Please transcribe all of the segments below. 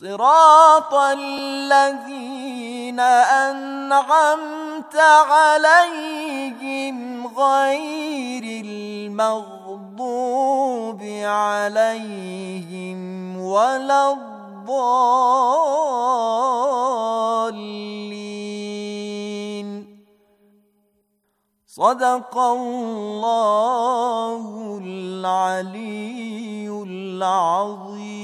صراط الذين أنعمت عليهم غير المغضوب عليهم ولا الضالين صدق الله العلي العظيم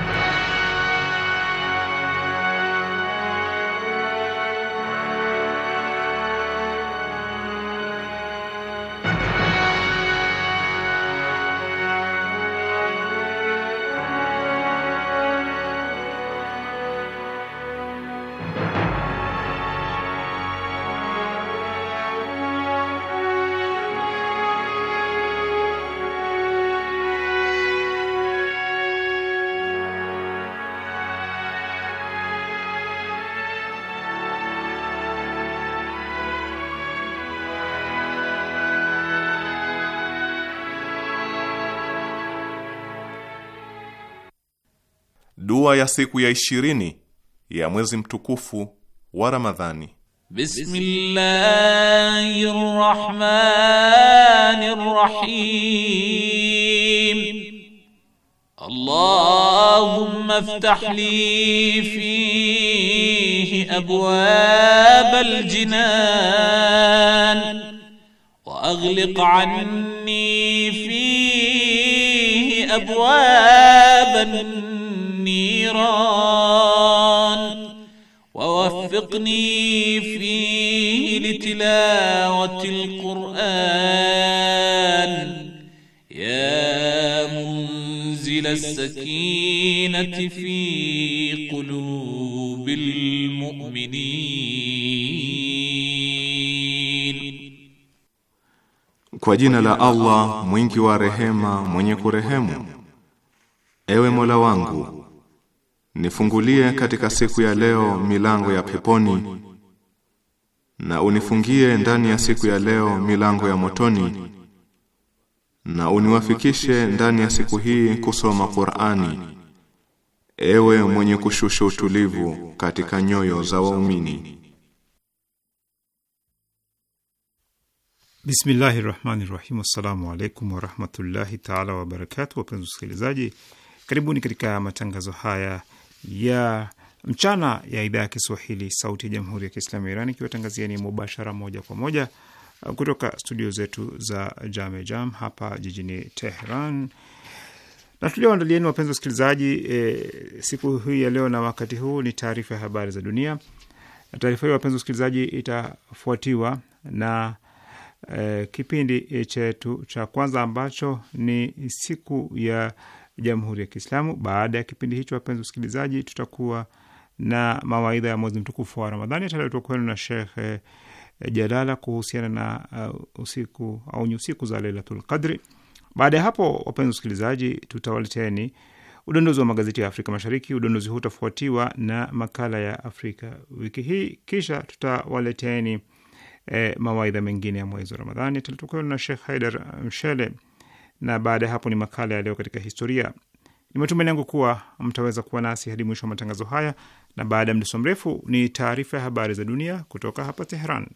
ya siku ya ishirini ya mwezi mtukufu wa Ramadhani. Bismillahirrahmanirrahim. Allahumma iftah li fihi abwab aljinan wa aghliq anni fihi abwab an النيران ووفقني فيه لتلاوة القرآن يا منزل السكينة في قلوب المؤمنين Kwa jina la Allah mwingi wa rehema mwenye kurehemu Ewe Mola wangu Nifungulie katika siku ya leo milango ya peponi na unifungie ndani ya siku ya leo milango ya motoni na uniwafikishe ndani ya siku hii kusoma Qur'ani ewe mwenye kushusha utulivu katika nyoyo za waumini Bismillahir Rahmanir Rahim Assalamu alaykum wa rahmatullahi ta'ala wa barakatuh wapenzi wasikilizaji karibuni katika matangazo haya ya mchana ya idhaa ya Kiswahili sauti ya jamhuri ya kiislamu ya Iran ikiwatangazia ni mubashara moja kwa moja uh, kutoka studio zetu za Jame Jam hapa jijini Tehran na tulioandalieni wapenzi wasikilizaji, e, siku hii ya leo na wakati huu ni taarifa ya habari za dunia. Taarifa hiyo wapenzi wasikilizaji, itafuatiwa na e, kipindi chetu cha kwanza ambacho ni siku ya Jamhuri ya Kiislamu. Baada ya kipindi hicho, wapenzi wasikilizaji, tutakuwa na mawaidha ya mwezi mtukufu wa Ramadhani yataletwa kwenu na Shekh Jalala kuhusiana na uh, usiku au ni usiku za Lailatul Qadri. Baada ya hapo, wapenzi wasikilizaji, tutawaleteni udondozi wa magazeti ya Afrika Mashariki. Udondozi huu utafuatiwa na makala ya Afrika wiki hii, kisha tutawaleteni eh, mawaidha mengine ya mwezi wa Ramadhani yataletwa kwenu na Shekh Haidar Mshele na baada ya hapo ni makala ya leo katika historia. Ni matumaini yangu kuwa mtaweza kuwa nasi hadi mwisho wa matangazo haya, na baada ya mdoso mrefu ni taarifa ya habari za dunia kutoka hapa Teheran.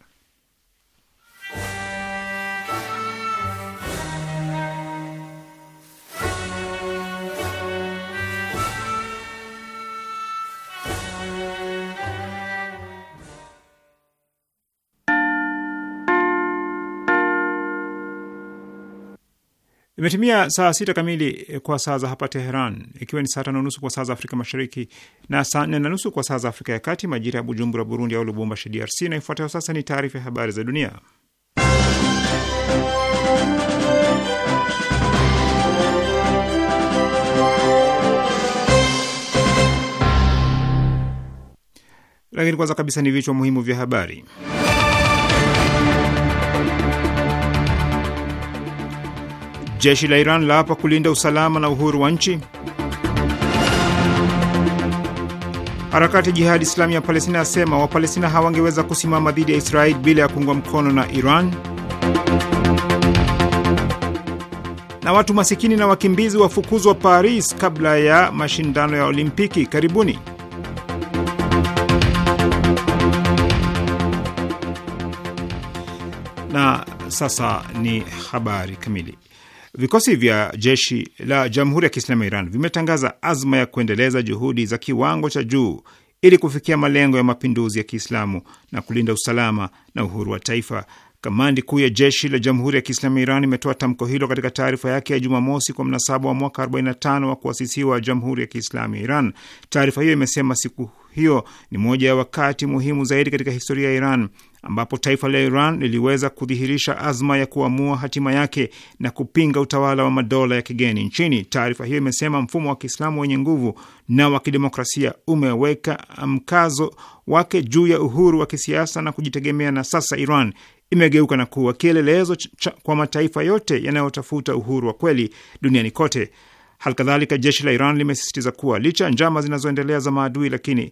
Imetimia saa sita kamili kwa saa za hapa Teheran, ikiwa ni saa tano nusu kwa saa za Afrika Mashariki na saa nne na nusu kwa saa za Afrika ya Kati, majira ya Bujumbura, Burundi au Lubumbashi, DRC. Na ifuatayo sasa ni taarifa ya habari za dunia, lakini kwanza kabisa ni vichwa muhimu vya habari. Jeshi la Iran laapa kulinda usalama na uhuru wa nchi. Harakati Jihadi Islami ya Palestina asema Wapalestina hawangeweza kusimama dhidi ya Israeli bila ya kuungwa mkono na Iran. Na watu masikini na wakimbizi wafukuzwa Paris kabla ya mashindano ya Olimpiki. Karibuni. Na sasa ni habari kamili. Vikosi vya jeshi la Jamhuri ya Kiislamu ya Iran vimetangaza azma ya kuendeleza juhudi za kiwango cha juu ili kufikia malengo ya mapinduzi ya Kiislamu na kulinda usalama na uhuru wa taifa. Kamandi kuu ya jeshi la Jamhuri ya Kiislamu ya Iran imetoa tamko hilo katika taarifa yake ya Jumamosi kwa mnasaba wa mwaka 45 wa kuasisiwa Jamhuri ya Kiislamu ya Iran. Taarifa hiyo imesema siku hiyo ni moja ya wakati muhimu zaidi katika historia ya Iran ambapo taifa la Iran liliweza kudhihirisha azma ya kuamua hatima yake na kupinga utawala wa madola ya kigeni nchini. Taarifa hiyo imesema mfumo wa Kiislamu wenye nguvu na wa kidemokrasia umeweka mkazo wake juu ya uhuru wa kisiasa na kujitegemea, na sasa Iran imegeuka na kuwa kielelezo kwa mataifa yote yanayotafuta uhuru wa kweli duniani kote. Halikadhalika, jeshi la Iran limesisitiza kuwa licha ya njama zinazoendelea za maadui, lakini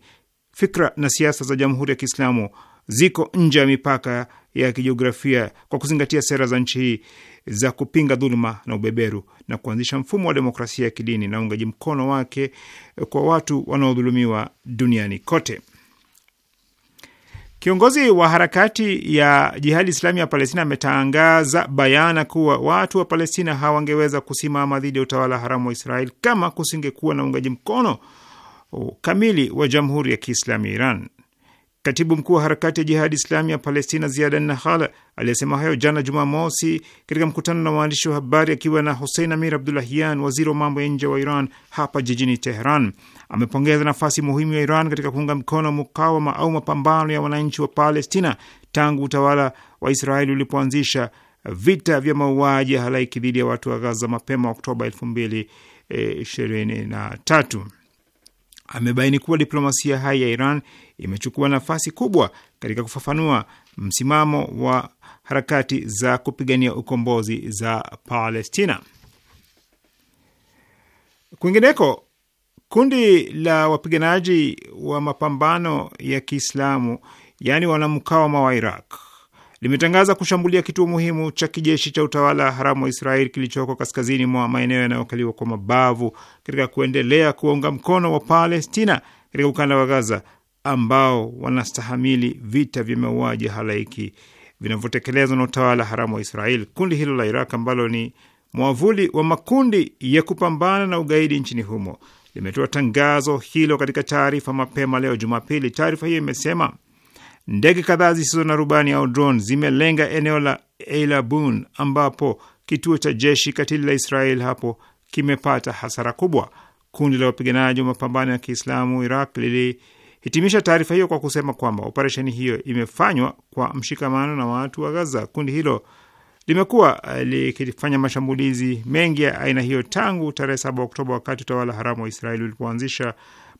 fikra na siasa za Jamhuri ya Kiislamu ziko nje ya mipaka ya kijiografia kwa kuzingatia sera za nchi hii za kupinga dhuluma na ubeberu na kuanzisha mfumo wa demokrasia ya kidini na uungaji mkono wake kwa watu wanaodhulumiwa duniani kote. Kiongozi wa harakati ya Jihadi Islami ya Palestina ametangaza bayana kuwa watu wa Palestina hawangeweza kusimama dhidi ya utawala haramu wa Israel kama kusingekuwa na uungaji mkono kamili wa Jamhuri ya Kiislamu ya Iran. Katibu mkuu wa harakati ya Jihadi Islami ya Palestina Ziadan Nahala aliyesema hayo jana Jumamosi katika mkutano na waandishi wa habari akiwa na Hussein Amir Abdulahian, waziri wa mambo ya nje wa Iran hapa jijini Teheran, amepongeza nafasi muhimu ya Iran katika kuunga mkono mukawama au mapambano ya wananchi wa Palestina tangu utawala wa Israeli ulipoanzisha vita vya mauaji ya halaiki dhidi ya watu wa Gaza mapema Oktoba 2023 amebaini kuwa diplomasia hai ya Iran imechukua nafasi kubwa katika kufafanua msimamo wa harakati za kupigania ukombozi za Palestina. Kwingineko, kundi la wapiganaji wa mapambano ya Kiislamu yaani wanamkawama wa Iraq limetangaza kushambulia kituo muhimu cha kijeshi cha utawala haramu wa Israeli kilichoko kaskazini mwa maeneo yanayokaliwa kwa mabavu katika kuendelea kuwaunga mkono wa Palestina katika ukanda wa Gaza ambao wanastahamili vita vya mauaji halaiki vinavyotekelezwa na utawala haramu wa Israeli. Kundi hilo la Iraq ambalo ni mwavuli wa makundi ya kupambana na ugaidi nchini humo limetoa tangazo hilo katika taarifa mapema leo Jumapili. Taarifa hiyo imesema Ndege kadhaa zisizo na rubani au drone zimelenga eneo la Eilabun ambapo kituo cha jeshi katili la Israel hapo kimepata hasara kubwa. Kundi la wapiganaji wa mapambano ya Kiislamu Iraq lilihitimisha taarifa hiyo kwa kusema kwamba operesheni hiyo imefanywa kwa mshikamano na watu wa Gaza. Kundi hilo limekuwa eh, likifanya mashambulizi mengi ya aina hiyo tangu tarehe 7 Oktoba, wakati utawala haramu wa Israeli ulipoanzisha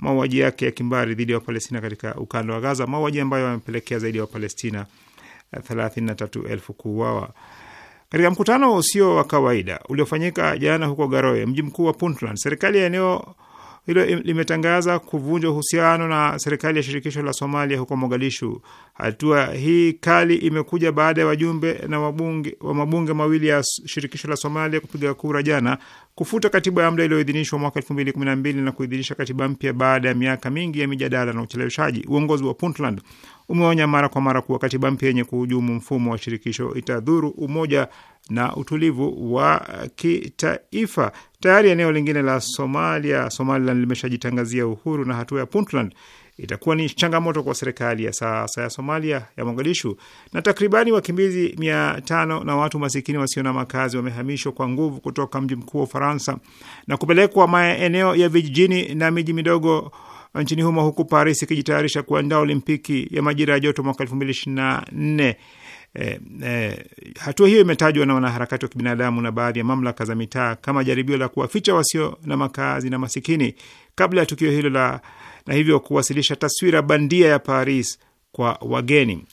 mauaji yake ya kimbari dhidi ya Wapalestina katika ukanda wa Gaza, mauaji ambayo yamepelekea zaidi ya Wapalestina 33,000 eh, kuuawa. Katika mkutano usio wa kawaida uliofanyika jana huko Garowe, mji mkuu wa Puntland, serikali ya eneo hilo limetangaza kuvunja uhusiano na serikali ya shirikisho la Somalia huko Mogadishu. Hatua hii kali imekuja baada ya wajumbe na wabunge wa mabunge mawili ya shirikisho la Somalia kupiga kura jana kufuta katiba ya muda iliyoidhinishwa mwaka 2012 na kuidhinisha katiba mpya baada ya miaka mingi ya mijadala na ucheleweshaji. Uongozi wa Puntland umeonya mara kwa mara kuwa katiba mpya yenye kuhujumu mfumo wa shirikisho itadhuru umoja na utulivu wa kitaifa. Tayari eneo lingine la Somalia, Somaliland, limeshajitangazia uhuru na hatua ya Puntland itakuwa ni changamoto kwa serikali ya sasa ya Somalia ya Mogadishu. Na takribani wakimbizi mia tano na watu masikini wasio na makazi wamehamishwa kwa nguvu kutoka mji mkuu wa Ufaransa na kupelekwa maeneo ya vijijini na miji midogo nchini humo, huku Paris ikijitayarisha kuandaa Olimpiki ya majira ya joto mwaka elfu mbili ishirini na nne. E, e, hatua hiyo imetajwa na wanaharakati wa kibinadamu na baadhi ya mamlaka za mitaa kama jaribio la kuwaficha wasio na makazi na masikini kabla ya tukio hilo la, na hivyo kuwasilisha taswira bandia ya Paris kwa wageni.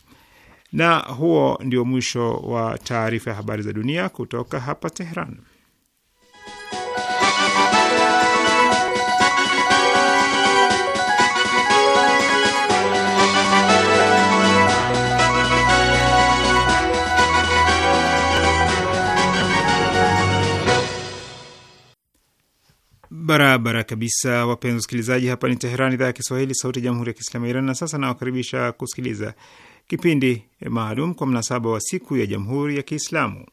Na huo ndio mwisho wa taarifa ya habari za dunia kutoka hapa Tehran. Barabara kabisa, wapenzi wasikilizaji, hapa ni Teherani, idhaa ya Kiswahili, sauti ya jamhuri ya kiislamu ya Iran. Na sasa nawakaribisha kusikiliza kipindi maalum kwa mnasaba wa siku ya jamhuri ya Kiislamu.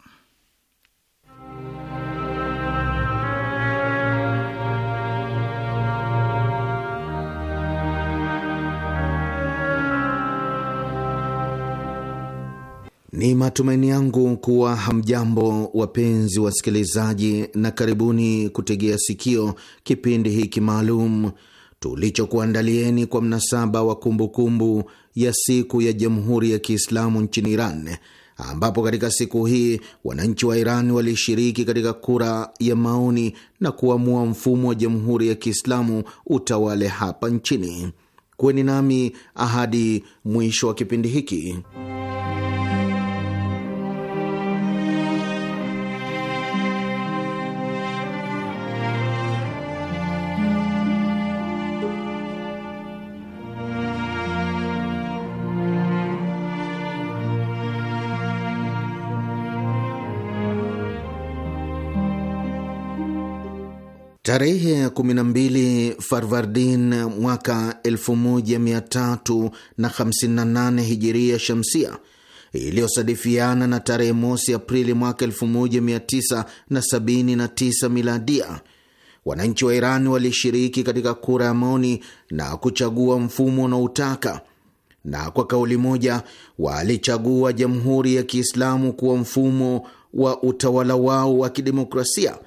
Ni matumaini yangu kuwa hamjambo wapenzi wasikilizaji, na karibuni kutegea sikio kipindi hiki maalum tulichokuandalieni kwa mnasaba wa kumbukumbu kumbu ya siku ya Jamhuri ya Kiislamu nchini Iran, ambapo katika siku hii wananchi wa Iran walishiriki katika kura ya maoni na kuamua mfumo wa Jamhuri ya Kiislamu utawale hapa nchini. Kuweni nami ahadi mwisho wa kipindi hiki. Tarehe ya 12 Farvardin mwaka 1358 hijiria shamsia iliyosadifiana na tarehe mosi Aprili mwaka 1979 miladia, wananchi wa Iran walishiriki katika kura ya maoni na kuchagua mfumo unaoutaka na kwa kauli moja walichagua Jamhuri ya Kiislamu kuwa mfumo wa utawala wao wa kidemokrasia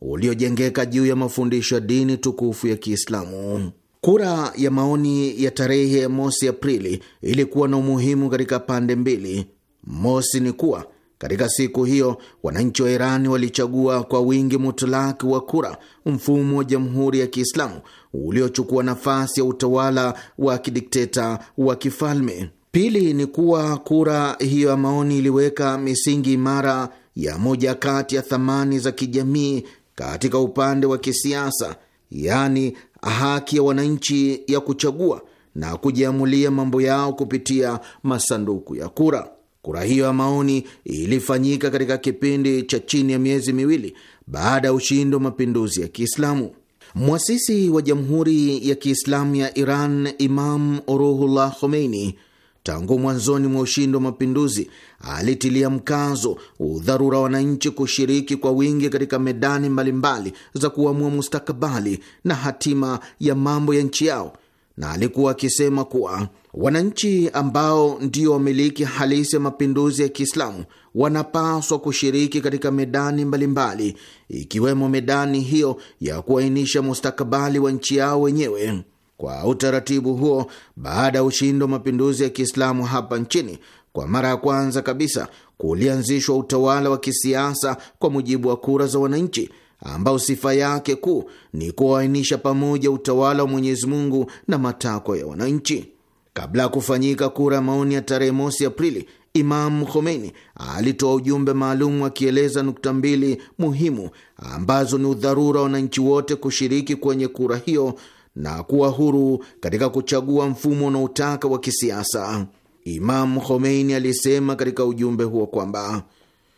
uliojengeka juu ya mafundisho ya dini tukufu ya Kiislamu. Kura ya maoni ya tarehe mosi Aprili ilikuwa na umuhimu katika pande mbili. Mosi ni kuwa katika siku hiyo wananchi wa Irani walichagua kwa wingi mutlaki wa kura mfumo wa jamhuri ya Kiislamu uliochukua nafasi ya utawala wa kidikteta wa kifalme. Pili ni kuwa kura hiyo ya maoni iliweka misingi imara ya moja kati ya thamani za kijamii katika upande wa kisiasa, yaani haki ya wananchi ya kuchagua na kujiamulia mambo yao kupitia masanduku ya kura. Kura hiyo ya maoni ilifanyika katika kipindi cha chini ya miezi miwili baada ya ushindi wa mapinduzi ya Kiislamu. Mwasisi wa Jamhuri ya Kiislamu ya Iran, Imam Ruhullah Khomeini Tangu mwanzoni mwa ushindi wa mapinduzi alitilia mkazo udharura wa wananchi kushiriki kwa wingi katika medani mbalimbali za kuamua mustakabali na hatima ya mambo ya nchi yao, na alikuwa akisema kuwa wananchi ambao ndio wamiliki halisi ya mapinduzi ya Kiislamu wanapaswa kushiriki katika medani mbalimbali mbali, ikiwemo medani hiyo ya kuainisha mustakabali wa nchi yao wenyewe kwa utaratibu huo baada ya ushindi wa mapinduzi ya Kiislamu hapa nchini. Kwa mara ya kwanza kabisa kulianzishwa utawala wa kisiasa kwa mujibu wa kura za wananchi, ambao sifa yake kuu ni kuwainisha pamoja utawala wa Mwenyezi Mungu na matakwa ya wananchi. Kabla ya kufanyika kura ya maoni ya tarehe mosi Aprili, Imamu Khomeini alitoa ujumbe maalum akieleza nukta mbili muhimu ambazo ni udharura wa wananchi wote kushiriki kwenye kura hiyo na kuwa huru katika kuchagua mfumo utaka wa kisiasa. Imamu Khomeini alisema katika ujumbe huo kwamba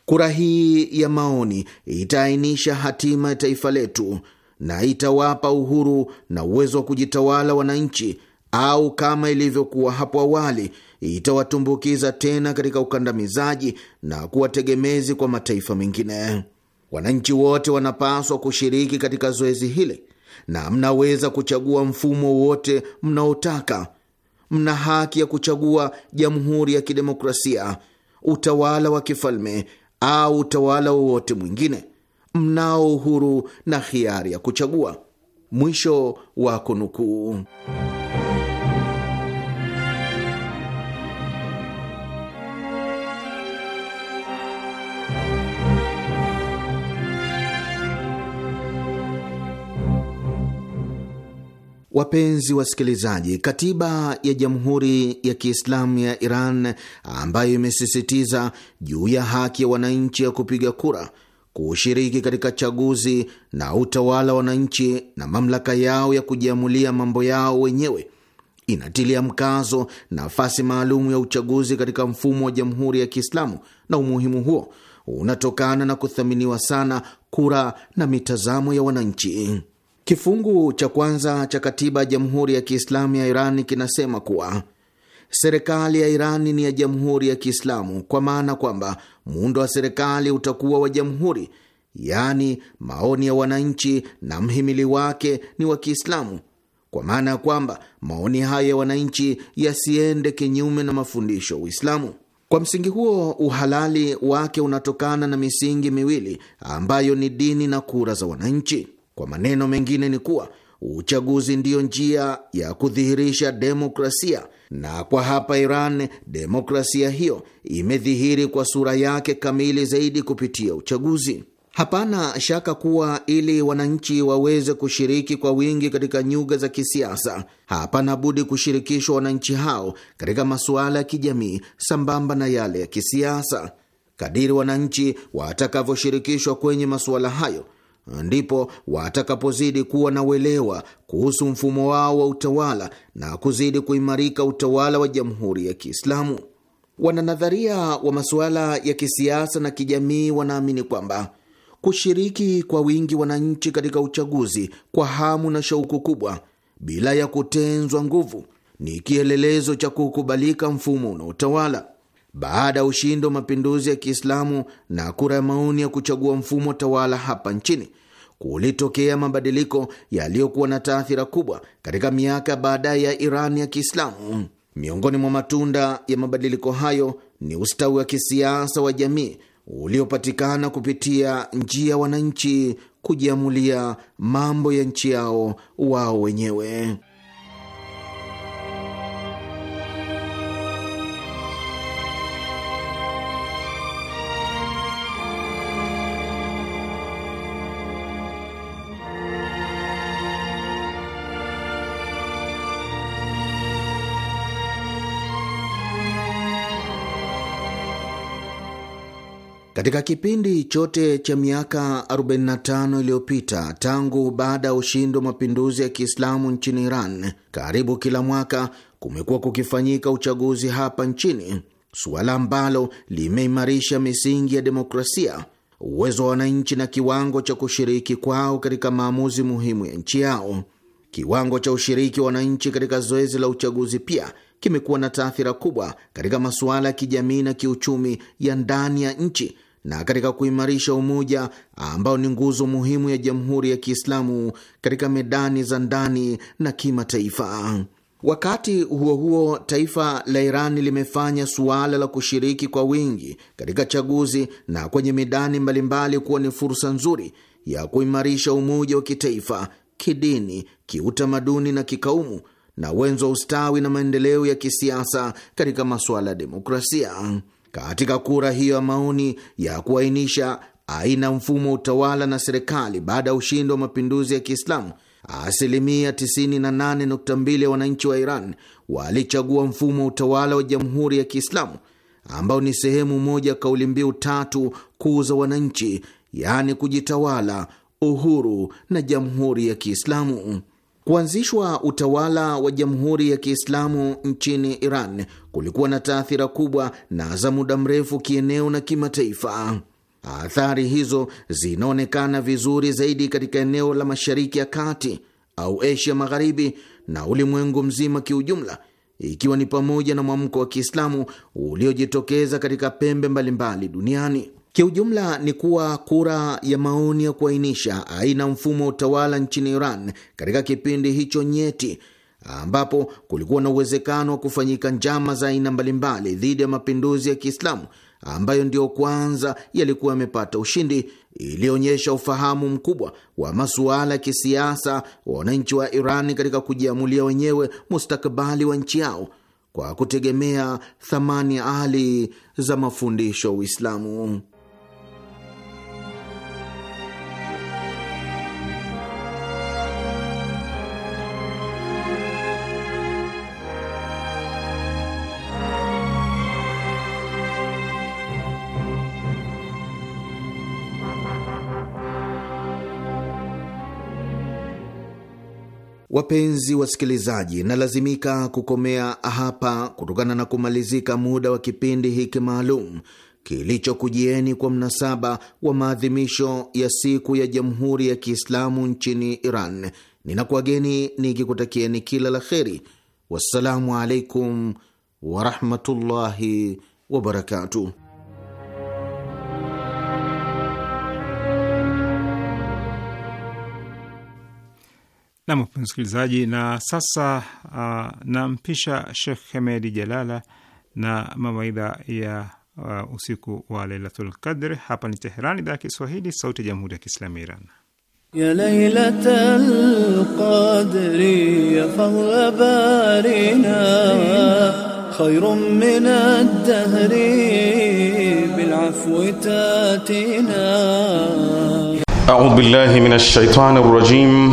kura hii ya maoni itaainisha hatima ya taifa letu na itawapa uhuru na uwezo wa kujitawala wananchi, au kama ilivyokuwa hapo awali, itawatumbukiza tena katika ukandamizaji na kuwa tegemezi kwa mataifa mengine. Wananchi wote wanapaswa kushiriki katika zoezi hili na mnaweza kuchagua mfumo wote mnaotaka. Mna haki ya kuchagua jamhuri ya kidemokrasia, utawala wa kifalme au utawala wowote mwingine. Mnao uhuru na hiari ya kuchagua. Mwisho wa kunukuu. Wapenzi wasikilizaji, katiba ya Jamhuri ya Kiislamu ya Iran ambayo imesisitiza juu ya haki ya wananchi ya kupiga kura, kushiriki katika chaguzi na utawala wa wananchi na mamlaka yao ya kujiamulia mambo yao wenyewe inatilia mkazo nafasi maalum ya uchaguzi katika mfumo wa Jamhuri ya Kiislamu, na umuhimu huo unatokana na kuthaminiwa sana kura na mitazamo ya wananchi. Kifungu cha kwanza cha katiba ya Jamhuri ya Kiislamu ya Iran kinasema kuwa serikali ya iran ni ya Jamhuri ya Kiislamu, kwa maana kwamba muundo wa serikali utakuwa wa jamhuri, yaani maoni ya wananchi na mhimili wake ni wa Kiislamu, kwa maana ya kwamba maoni haya ya wananchi yasiende kinyume na mafundisho ya Uislamu. Kwa msingi huo, uhalali wake unatokana na misingi miwili ambayo ni dini na kura za wananchi. Kwa maneno mengine ni kuwa uchaguzi ndiyo njia ya kudhihirisha demokrasia, na kwa hapa Iran demokrasia hiyo imedhihiri kwa sura yake kamili zaidi kupitia uchaguzi. Hapana shaka kuwa ili wananchi waweze kushiriki kwa wingi katika nyuga za kisiasa, hapana budi kushirikishwa wananchi hao katika masuala ya kijamii sambamba na yale ya kisiasa. Kadiri wananchi watakavyoshirikishwa kwenye masuala hayo ndipo watakapozidi kuwa na uelewa kuhusu mfumo wao wa utawala na kuzidi kuimarika utawala wa Jamhuri ya Kiislamu. Wananadharia wa masuala ya kisiasa na kijamii wanaamini kwamba kushiriki kwa wingi wananchi katika uchaguzi kwa hamu na shauku kubwa bila ya kutenzwa nguvu ni kielelezo cha kukubalika mfumo unaotawala baada ya ushindi wa mapinduzi ya Kiislamu na kura ya maoni ya kuchagua mfumo tawala hapa nchini, kulitokea mabadiliko yaliyokuwa na taathira kubwa katika miaka baadaye ya Iran ya Kiislamu. Miongoni mwa matunda ya mabadiliko hayo ni ustawi wa kisiasa wa jamii uliopatikana kupitia njia ya wananchi kujiamulia mambo ya nchi yao wao wenyewe. Katika kipindi chote cha miaka 45 iliyopita tangu baada ya ushindi wa mapinduzi ya Kiislamu nchini Iran, karibu kila mwaka kumekuwa kukifanyika uchaguzi hapa nchini, suala ambalo limeimarisha misingi ya demokrasia, uwezo wa wananchi na kiwango cha kushiriki kwao katika maamuzi muhimu ya nchi yao. Kiwango cha ushiriki wa wananchi katika zoezi la uchaguzi pia kimekuwa na taathira kubwa katika masuala ya kijamii na kiuchumi ya ndani ya nchi na katika kuimarisha umoja ambao ni nguzo muhimu ya Jamhuri ya Kiislamu katika medani za ndani na kimataifa. Wakati huo huo, taifa la Iran limefanya suala la kushiriki kwa wingi katika chaguzi na kwenye midani mbalimbali kuwa ni fursa nzuri ya kuimarisha umoja wa kitaifa, kidini, kiutamaduni na kikaumu na wenzo wa ustawi na maendeleo ya kisiasa katika masuala ya demokrasia. Katika kura hiyo ya maoni ya kuainisha aina mfumo wa utawala na serikali baada ya ushindi wa mapinduzi ya Kiislamu, asilimia 98.2 ya wananchi wa Iran walichagua mfumo wa utawala wa jamhuri ya Kiislamu, ambao ni sehemu moja ya kauli mbiu tatu kuu za wananchi, yaani kujitawala, uhuru na jamhuri ya Kiislamu. Kuanzishwa utawala wa Jamhuri ya Kiislamu nchini Iran kulikuwa na taathira kubwa na za muda mrefu kieneo na kimataifa. Athari hizo zinaonekana vizuri zaidi katika eneo la Mashariki ya Kati au Asia Magharibi na ulimwengu mzima kiujumla, ikiwa ni pamoja na mwamko wa Kiislamu uliojitokeza katika pembe mbalimbali mbali duniani. Kiujumla ni kuwa kura ya maoni ya kuainisha aina mfumo wa utawala nchini Iran katika kipindi hicho nyeti ambapo kulikuwa na uwezekano wa kufanyika njama za aina mbalimbali dhidi ya mapinduzi ya Kiislamu ambayo ndiyo kwanza yalikuwa yamepata ushindi, ilionyesha ufahamu mkubwa wa masuala ya kisiasa wa wananchi wa Iran katika kujiamulia wenyewe mustakabali wa nchi yao kwa kutegemea thamani ali za mafundisho ya Uislamu. Wapenzi wasikilizaji, nalazimika kukomea hapa kutokana na kumalizika muda wa kipindi hiki maalum kilichokujieni kwa mnasaba wa maadhimisho ya siku ya Jamhuri ya Kiislamu nchini Iran. Ninakuwageni nikikutakieni kila la kheri. Wassalamu alaikum warahmatullahi wabarakatuh. Nam msikilizaji, na sasa uh, nampisha Shekh Hemedi Jalala na mawaidha ya uh, usiku wa Lailatul Qadr. Hapa ni Teheran, idhaa ya Kiswahili, sauti ya jamhuri ya kiislamu ya Iran. ya Lailatul Qadri ya fawwa barina خير من الدهر بالعفو تاتنا أعوذ بالله من الشيطان الرجيم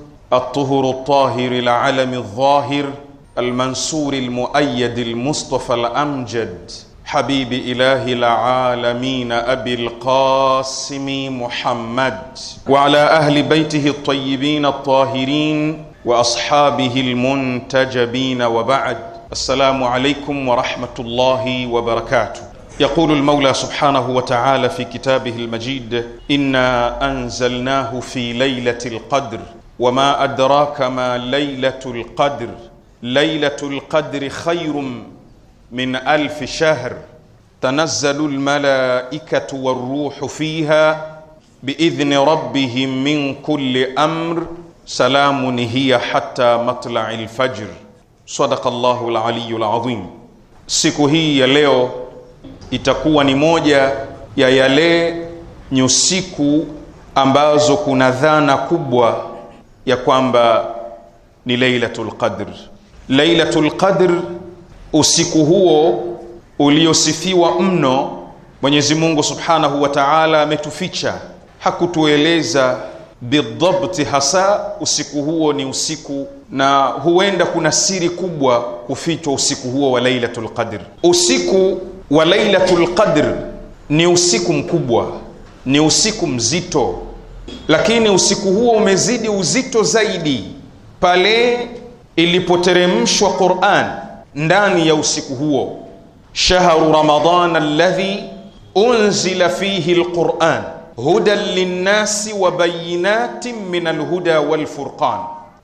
الطهر الطاهر العلم الظاهر المنصور المؤيد المصطفى الأمجد حبيب إله العالمين أبي القاسم محمد وعلى أهل بيته الطيبين الطاهرين وأصحابه المنتجبين وبعد السلام عليكم ورحمة الله وبركاته يقول المولى سبحانه وتعالى في كتابه المجيد إنا أنزلناه في ليلة القدر wama adraka ma lailatul qadr lailatul qadri khairum min alfi shahr tanazzalu almalaikatu waruhu fiha biidhni rabbihim min kulli amr salamun hiya hatta matlai lfajr. Sadaka Allahu laliyu ladhim. Siku hii ya leo itakuwa ni moja ya yale nyusiku ambazo kuna dhana kubwa ya kwamba ni Lailatul Qadr. Lailatul Qadr, usiku huo uliosifiwa mno, Mwenyezi Mungu Subhanahu wa Ta'ala ametuficha, hakutueleza bidhabti hasa usiku huo ni usiku, na huenda kuna siri kubwa kufichwa usiku huo wa Lailatul Qadr. Usiku wa Lailatul Qadr ni usiku mkubwa, ni usiku mzito lakini usiku huo umezidi uzito zaidi pale ilipoteremshwa Qur'an ndani ya usiku huo, shahru ramadan alladhi unzila fihi alquran hudan linnasi wa bayinatin min alhuda walfurqan,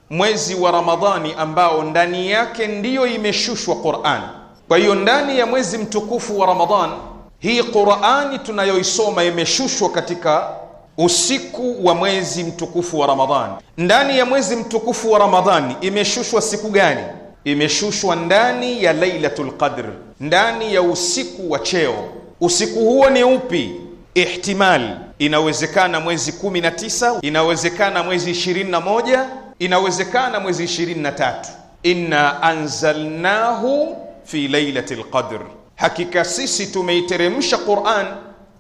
mwezi wa Ramadhani ambao ndani yake ndiyo imeshushwa Qur'an. Kwa hiyo ndani ya mwezi mtukufu wa Ramadhan hii Qur'ani tunayoisoma imeshushwa katika usiku wa mwezi mtukufu wa Ramadhani. Ndani ya mwezi mtukufu wa Ramadhani imeshushwa siku gani? Imeshushwa ndani ya Lailatul Qadr, ndani ya usiku wa cheo. Usiku huo ni upi? Ihtimal, inawezekana mwezi 19, inawezekana mwezi 21, inawezekana mwezi 23. Inna anzalnahu fi lailati lqadr, hakika sisi tumeiteremsha Qur'an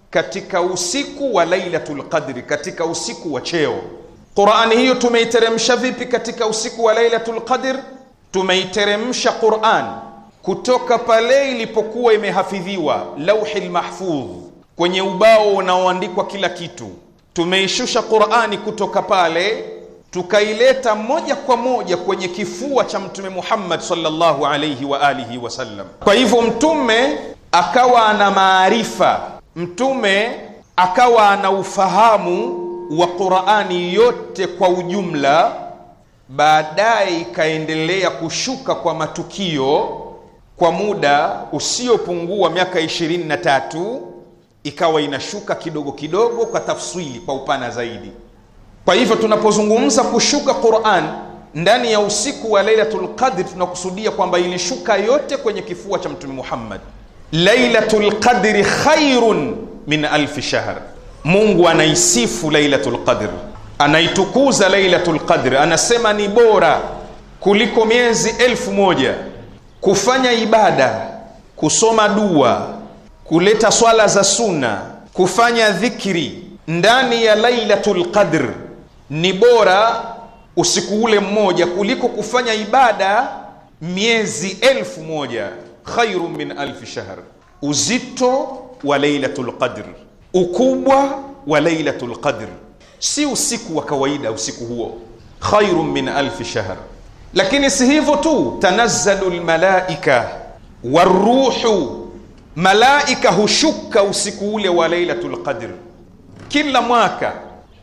katika usiku wa Lailatul Qadri, katika usiku wa cheo. Qur'ani hiyo tumeiteremsha vipi katika usiku wa Lailatul Qadr? Tumeiteremsha qurani kutoka pale ilipokuwa imehafidhiwa Lauhil lmahfudh kwenye ubao unaoandikwa kila kitu. Tumeishusha Qur'ani kutoka pale tukaileta moja kwa moja kwenye kifua cha Mtume Muhammad sallallahu alayhi wa alihi wasallam. Kwa hivyo mtume akawa ana maarifa Mtume akawa ana ufahamu wa Qur'ani yote kwa ujumla. Baadaye ikaendelea kushuka kwa matukio kwa muda usiopungua miaka ishirini na tatu ikawa inashuka kidogo kidogo kwa tafsiri kwa upana zaidi. Kwa hivyo tunapozungumza kushuka Qur'an ndani ya usiku wa Lailatul Qadr tunakusudia kwamba ilishuka yote kwenye kifua cha Mtume Muhammad lailatu lqadri khairun min alfi shahr, Mungu anaisifu lailatu lqadr anaitukuza lailatu lqadr anasema ni bora kuliko miezi elfu moja. Kufanya ibada, kusoma dua, kuleta swala za sunna, kufanya dhikri ndani ya lailatu lqadr ni bora usiku ule mmoja kuliko kufanya ibada miezi elfu moja khairu min alfi shahr, uzito wa lailatul qadr, ukubwa wa lailatul qadr, si usiku wa kawaida. Usiku huo khairu min alfi shahr. Lakini si hivyo tu, tanazzalu lmalaika waruhu, malaika hushuka usiku ule wa lailatul qadr. Kila mwaka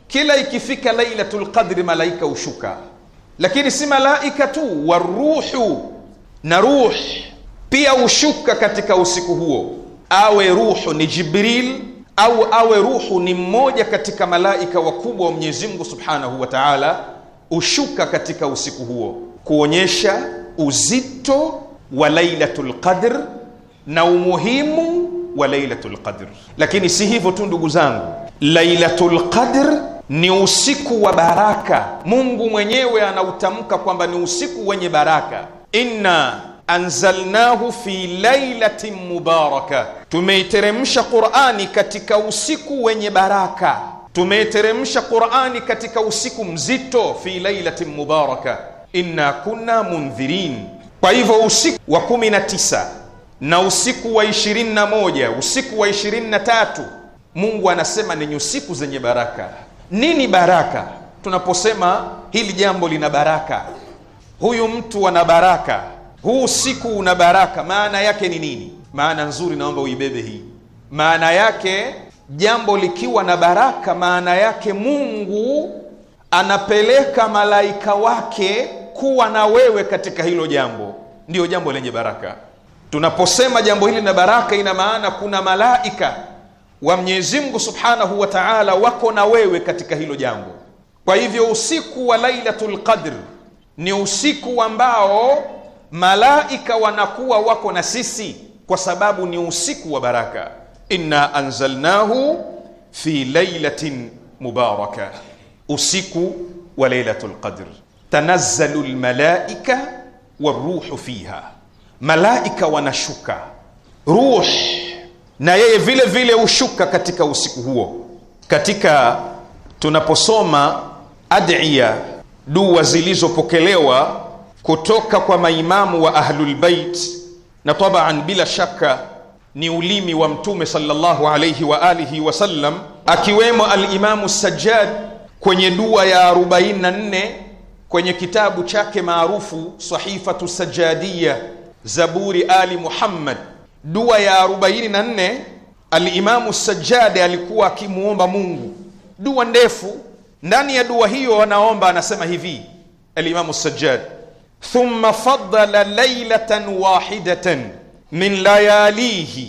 kila ikifika lailatul qadri malaika hushuka, lakini si malaika tu, waruhu na ruh pia ushuka katika usiku huo, awe ruhu ni Jibril au awe ruhu ni mmoja katika malaika wakubwa wa Mwenyezi Mungu Subhanahu wa Ta'ala, ushuka katika usiku huo kuonyesha uzito wa Lailatul Qadr na umuhimu wa Lailatul Qadr. Lakini si hivyo tu, ndugu zangu, Lailatul Qadr ni usiku wa baraka. Mungu mwenyewe anautamka kwamba ni usiku wenye baraka inna anzalnahu fi lailatin mubaraka, tumeiteremsha Qur'ani katika usiku wenye baraka. Tumeiteremsha Qur'ani katika usiku mzito, fi lailatin mubaraka inna kunna mundhirin. Kwa hivyo usiku wa 19 na usiku wa 21, usiku wa 23, Mungu anasema ni usiku zenye baraka. Nini baraka? Tunaposema hili jambo lina baraka, huyu mtu ana baraka huu usiku una baraka. Maana yake ni nini? Maana nzuri, naomba uibebe hii. Maana yake jambo likiwa na baraka, maana yake Mungu anapeleka malaika wake kuwa na wewe katika hilo jambo, ndiyo jambo lenye baraka. Tunaposema jambo hili na baraka, ina maana kuna malaika wa Mwenyezi Mungu Subhanahu wa Ta'ala wako na wewe katika hilo jambo. Kwa hivyo usiku wa Lailatul Qadr ni usiku ambao malaika wanakuwa wako na sisi kwa sababu ni usiku wa baraka. Inna anzalnahu fi lailatin mubaraka, usiku wa lailatul qadr. Tanazzalu lmalaika waruhu fiha, malaika wanashuka, ruh na yeye vile vile hushuka katika usiku huo. Katika tunaposoma adiya dua zilizopokelewa kutoka kwa maimamu wa ahlulbait na tabaan, bila shaka ni ulimi wa Mtume sallallahu alayhi wa alihi sallam, akiwemo Alimamu Sajjad kwenye dua ya 44 kwenye kitabu chake maarufu Sahifatu Sajjadiya, Zaburi Ali Muhammad, dua ya 44 Alimamu Sajjadi alikuwa akimwomba Mungu dua ndefu. Ndani ya dua hiyo anaomba, anasema hivi Alimamu Sajjad ثم فضل ليله واحده من لياليه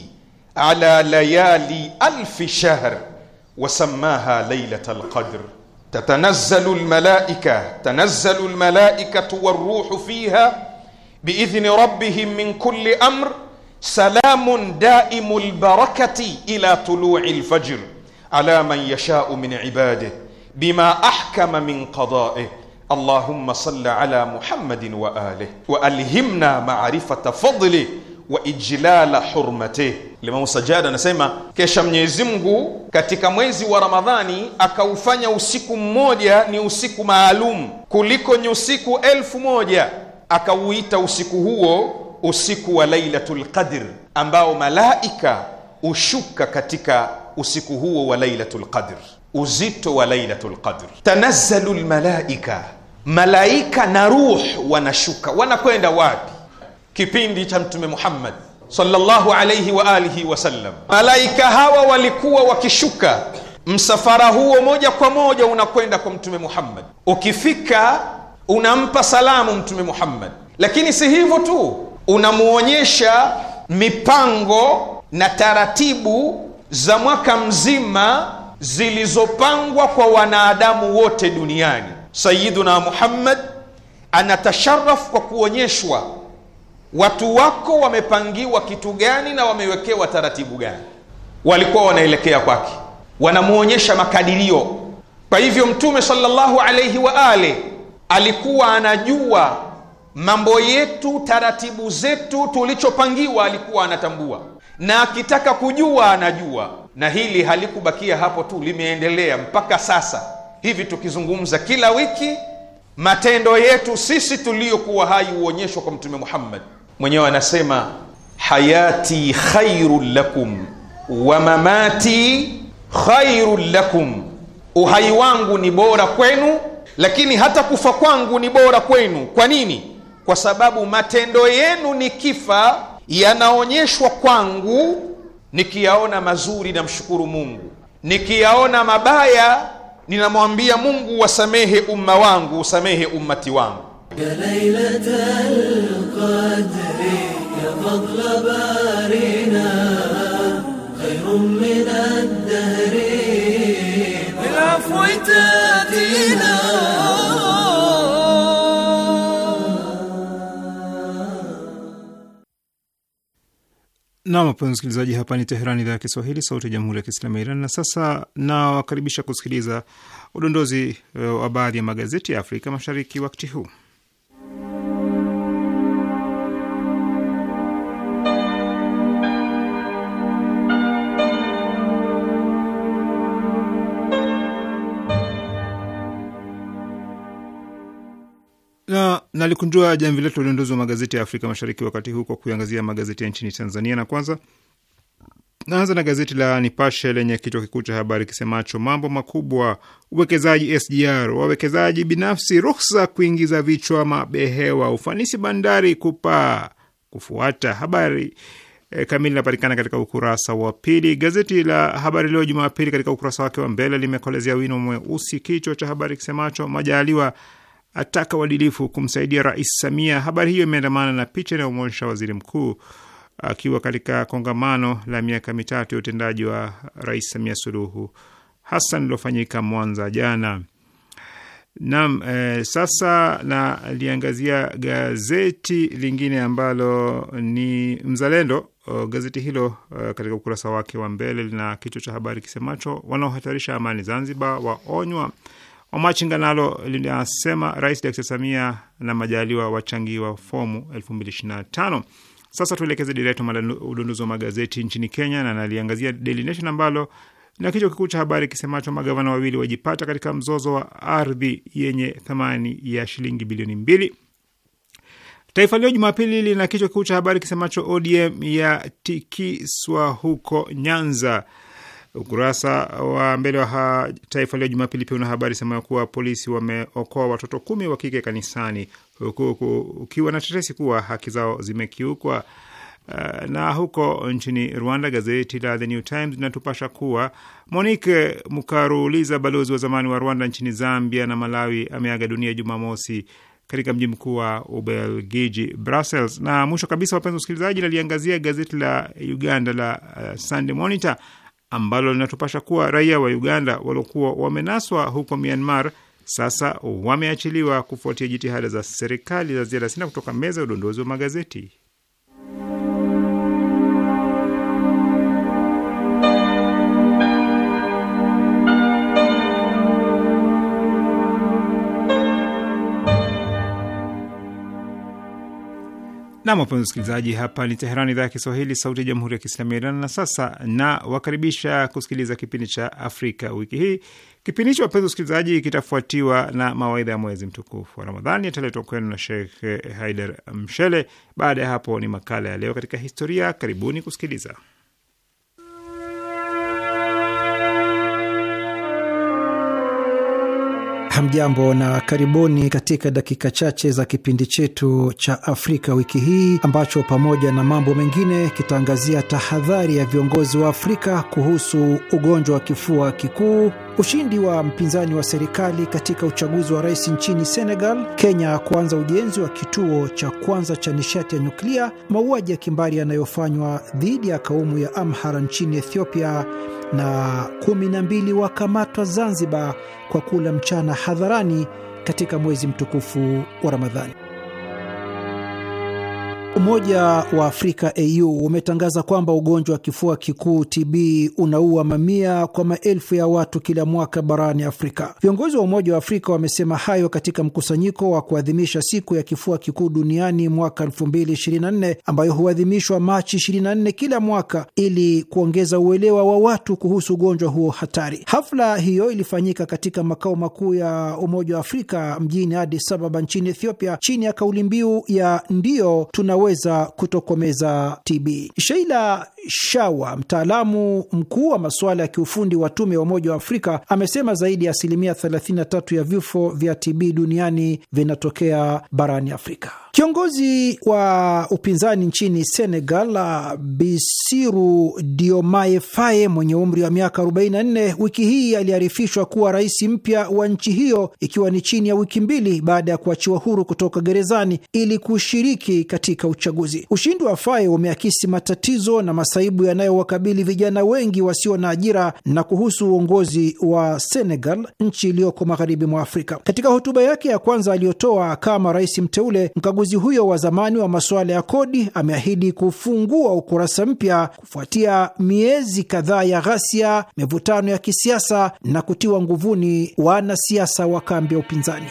على ليالي الف شهر وسماها ليله القدر تتنزل الملائكه تنزل الملائكه والروح فيها باذن ربهم من كل امر سلام دائم البركه الى طلوع الفجر على من يشاء من عباده بما احكم من قضائه Allahumma salli ala Muhammadin wa alihi wa alhimna maarifata fadli wa ijlala hurmatih. Limamu Sajjad anasema kesha Mwenyezi Mungu katika mwezi wa Ramadhani akaufanya usiku mmoja ni usiku maalum kuliko ni usiku elfu moja akauita usiku huo usiku wa Lailatul Qadr ambao malaika ushuka katika usiku huo wa Lailatul Qadr. Uzito wa Lailatul Qadr, tanazzalu lmalaika malaika na ruh wanashuka, wanakwenda wapi? Kipindi cha Mtume Muhammad sallallahu alayhi wa alihi wasallam, malaika hawa walikuwa wakishuka, msafara huo moja kwa moja unakwenda kwa Mtume Muhammad. Ukifika unampa salamu Mtume Muhammad, lakini si hivyo tu, unamuonyesha mipango na taratibu za mwaka mzima zilizopangwa kwa wanadamu wote duniani. Sayyiduna Muhammad anatasharafu kwa kuonyeshwa watu wako wamepangiwa kitu gani na wamewekewa taratibu gani, walikuwa wanaelekea kwake, wanamwonyesha makadirio. Kwa hivyo Mtume sallallahu alaihi wa ale alikuwa anajua mambo yetu, taratibu zetu, tulichopangiwa alikuwa anatambua, na akitaka kujua anajua. Na hili halikubakia hapo tu, limeendelea mpaka sasa hivi tukizungumza kila wiki, matendo yetu sisi tuliyokuwa hai huonyeshwa kwa Mtume Muhammad mwenyewe anasema, hayati khairu lakum wa mamati khairun lakum, uhai wangu ni bora kwenu, lakini hata kufa kwangu ni bora kwenu. Kwa nini? Kwa sababu matendo yenu ni kifa yanaonyeshwa kwangu, nikiyaona mazuri namshukuru Mungu, nikiyaona mabaya ninamwambia Mungu wasamehe umma wangu, usamehe ummati wangu. ya lailatal qadri ya fadla barina khairun min ad-dahri bil afwi tadina Nam wapenzi msikilizaji, hapa ni Teherani, idhaa ya Kiswahili, sauti ya jamhuri ya kiislamu ya Iran. Na sasa nawakaribisha kusikiliza udondozi eh, wa baadhi ya magazeti ya Afrika Mashariki wakati huu na nalikunjua jamvi letu liondozi wa magazeti ya Afrika Mashariki wakati huu kwa kuiangazia magazeti ya nchini Tanzania, na kwanza naanza na gazeti la Nipashe lenye kichwa kikuu cha habari kisemacho mambo makubwa uwekezaji SGR, wawekezaji binafsi ruhusa kuingiza vichwa mabehewa, ufanisi bandari kupaa kufuata. Habari e, kamili inapatikana katika ukurasa wa pili. Gazeti la Habari Leo Jumapili katika ukurasa wake wa mbele limekolezea wino mweusi kichwa cha habari kisemacho Majaliwa ataka uadilifu kumsaidia Rais Samia. Habari hiyo imeandamana na picha inayomwonyesha waziri mkuu akiwa katika kongamano la miaka mitatu ya utendaji wa Rais Samia Suluhu Hassan lilofanyika Mwanza jana. Naam, e, sasa naliangazia gazeti lingine ambalo ni Mzalendo. O, oh, gazeti hilo o, eh, katika ukurasa wake wa mbele lina kichwa cha habari kisemacho wanaohatarisha amani Zanzibar waonywa Omachinga nalo linasema Rais Dkt Samia na Majaliwa wachangiwa fomu 2025. Sasa tuelekeze dira yetu udunduzi wa magazeti nchini Kenya, na naliangazia Daily Nation ambalo na kichwa kikuu cha habari kisemacho magavana wawili wajipata katika mzozo wa ardhi yenye thamani ya shilingi bilioni mbili. Taifa Leo Jumapili lina kichwa kikuu cha habari kisemacho ODM yatikiswa huko Nyanza. Ukurasa wa mbele wa Taifa Leo Jumapili pia una habari sema kuwa polisi wameokoa watoto kumi wa kike kanisani, huku ukiwa na tetesi kuwa haki zao zimekiukwa. Uh, na huko nchini Rwanda, gazeti la The New Times linatupasha kuwa Monique Mukaruliza, balozi wa zamani wa Rwanda nchini Zambia na Malawi, ameaga dunia Jumamosi katika mji mkuu wa Ubelgiji, Brussels. Na mwisho kabisa, wapenzi wasikilizaji, naliangazia gazeti la Uganda la uh, Sunday Monitor ambalo linatupasha kuwa raia wa Uganda waliokuwa wamenaswa huko Myanmar sasa wameachiliwa kufuatia jitihada za serikali za ziada. Sina kutoka meza ya udondozi wa magazeti. Nam, wapenzi msikilizaji, hapa ni Teherani, idhaa ya Kiswahili, sauti ya jamhuri ya kiislamu ya Iran. Na sasa na wakaribisha kusikiliza kipindi cha Afrika wiki hii. Kipindi hicho wapenzi wasikilizaji, kitafuatiwa na mawaidha ya mwezi mtukufu wa Ramadhani yataletwa kwenu na Sheikh Haider Mshele. Baada ya hapo ni makala ya leo katika historia. Karibuni kusikiliza. Hamjambo na karibuni katika dakika chache za kipindi chetu cha Afrika wiki hii ambacho pamoja na mambo mengine kitaangazia tahadhari ya viongozi wa Afrika kuhusu ugonjwa wa kifua kikuu, ushindi wa mpinzani wa serikali katika uchaguzi wa rais nchini Senegal, Kenya kuanza ujenzi wa kituo cha kwanza cha nishati ya nyuklia, mauaji ya kimbari yanayofanywa dhidi ya kaumu ya Amhara nchini Ethiopia na kumi na mbili wakamatwa Zanzibar kwa kula mchana hadharani katika mwezi mtukufu wa Ramadhani. Umoja wa Afrika AU umetangaza kwamba ugonjwa wa kifua kikuu TB unaua mamia kwa maelfu ya watu kila mwaka barani Afrika. Viongozi wa Umoja wa Afrika wamesema hayo katika mkusanyiko wa kuadhimisha siku ya kifua kikuu duniani mwaka 2024 ambayo huadhimishwa Machi 24 kila mwaka ili kuongeza uelewa wa watu kuhusu ugonjwa huo hatari. Hafla hiyo ilifanyika katika makao makuu ya Umoja wa Afrika mjini Addis Ababa nchini Ethiopia chini ya kauli mbiu ya ndio tuna inaweza kutokomeza TB. Sheila Shawa, mtaalamu mkuu wa masuala ya kiufundi wa tume ya Umoja wa Afrika, amesema zaidi ya asilimia 33 ya vifo vya TB duniani vinatokea barani Afrika. Kiongozi wa upinzani nchini Senegal, Bisiru Diomaye Faye mwenye umri wa miaka 44 wiki hii aliarifishwa kuwa rais mpya wa nchi hiyo, ikiwa ni chini ya wiki mbili baada ya kuachiwa huru kutoka gerezani ili kushiriki katika uchaguzi. Ushindi wa Faye umeakisi matatizo na masaibu yanayowakabili vijana wengi wasio na ajira na kuhusu uongozi wa Senegal, nchi iliyoko magharibi mwa Afrika. Katika hotuba yake ya kwanza aliyotoa kama rais mteule, mkaguzi huyo wa zamani wa masuala ya kodi ameahidi kufungua ukurasa mpya kufuatia miezi kadhaa ya ghasia, mivutano ya kisiasa na kutiwa nguvuni wanasiasa wa kambi ya upinzani.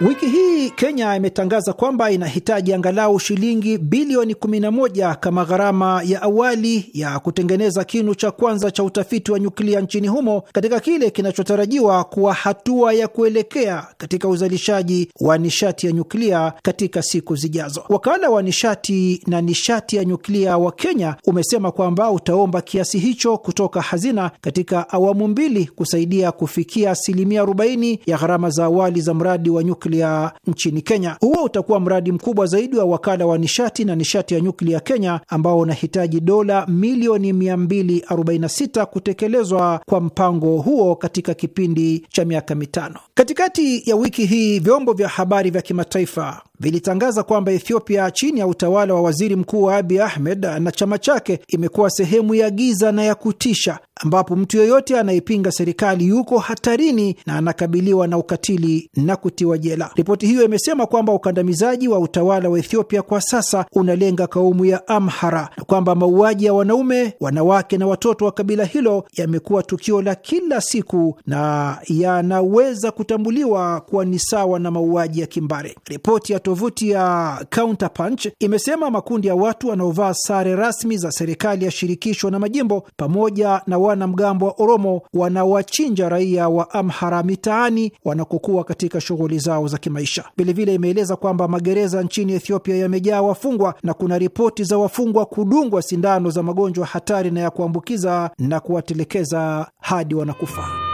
Wiki hii Kenya imetangaza kwamba inahitaji angalau shilingi bilioni 11 kama gharama ya awali ya kutengeneza kinu cha kwanza cha utafiti wa nyuklia nchini humo katika kile kinachotarajiwa kuwa hatua ya kuelekea katika uzalishaji wa nishati ya nyuklia katika siku zijazo. Wakala wa nishati na nishati ya nyuklia wa Kenya umesema kwamba utaomba kiasi hicho kutoka hazina katika awamu mbili kusaidia kufikia asilimia 40 ya gharama za awali za mradi wa nyuklia nyuklia nchini Kenya. Huo utakuwa mradi mkubwa zaidi wa wakala wa nishati na nishati ya nyuklia Kenya, ambao unahitaji dola milioni 246 kutekelezwa kwa mpango huo katika kipindi cha miaka mitano. Katikati ya wiki hii vyombo vya habari vya kimataifa vilitangaza kwamba Ethiopia chini ya utawala wa waziri mkuu wa Abiy Ahmed na chama chake imekuwa sehemu ya giza na ya kutisha, ambapo mtu yeyote anayepinga serikali yuko hatarini na anakabiliwa na ukatili na kutiwa jela. Ripoti hiyo imesema kwamba ukandamizaji wa utawala wa Ethiopia kwa sasa unalenga kaumu ya Amhara na kwamba mauaji ya wanaume, wanawake na watoto wa kabila hilo yamekuwa tukio la kila siku na yanaweza kutambuliwa kuwa ni sawa na mauaji ya kimbari. Ripoti ya tovuti ya Counterpunch imesema makundi ya watu wanaovaa sare rasmi za serikali ya shirikisho na majimbo pamoja na wanamgambo wa Oromo wanawachinja raia wa Amhara mitaani wanakokuwa katika shughuli zao za kimaisha. Vilevile imeeleza kwamba magereza nchini Ethiopia yamejaa wafungwa na kuna ripoti za wafungwa kudungwa sindano za magonjwa hatari na ya kuambukiza na kuwatelekeza hadi wanakufa.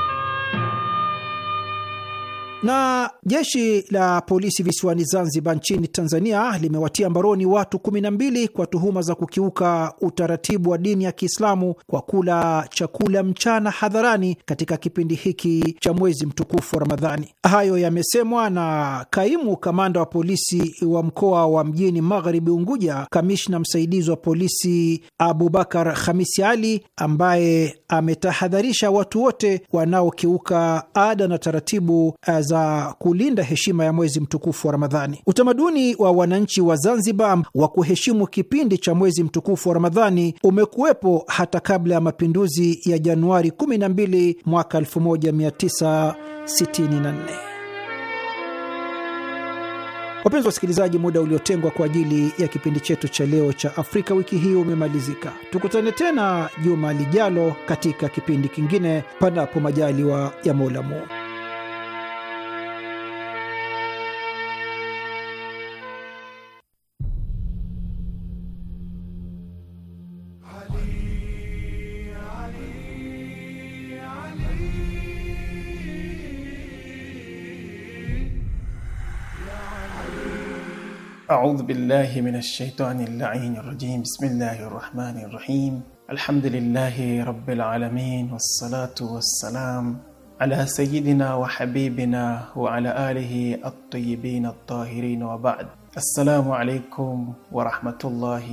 Na jeshi la polisi visiwani Zanzibar nchini Tanzania limewatia mbaroni watu 12 kwa tuhuma za kukiuka utaratibu wa dini ya Kiislamu kwa kula chakula mchana hadharani katika kipindi hiki cha mwezi mtukufu wa Ramadhani. Hayo yamesemwa na kaimu kamanda wa polisi wa mkoa wa mjini Magharibi Unguja, kamishna msaidizi wa polisi Abubakar Hamisi Ali, ambaye ametahadharisha watu wote wanaokiuka ada na taratibu eh, za za kulinda heshima ya mwezi mtukufu wa Ramadhani. Utamaduni wa wananchi wa Zanzibar wa kuheshimu kipindi cha mwezi mtukufu wa Ramadhani umekuwepo hata kabla ya mapinduzi ya Januari 12 mwaka 1964. Wapenzi wasikilizaji, muda uliotengwa kwa ajili ya kipindi chetu cha leo cha Afrika wiki hii umemalizika. Tukutane tena juma lijalo katika kipindi kingine, panapo majaliwa ya Mola Mungu. أعوذ بالله من الشيطان اللعين الرجيم بسم الله الرحمن الرحيم الحمد لله رب العالمين والصلاة والسلام على سيدنا وحبيبنا وعلى آله الطيبين الطاهرين وبعد السلام عليكم ورحمة الله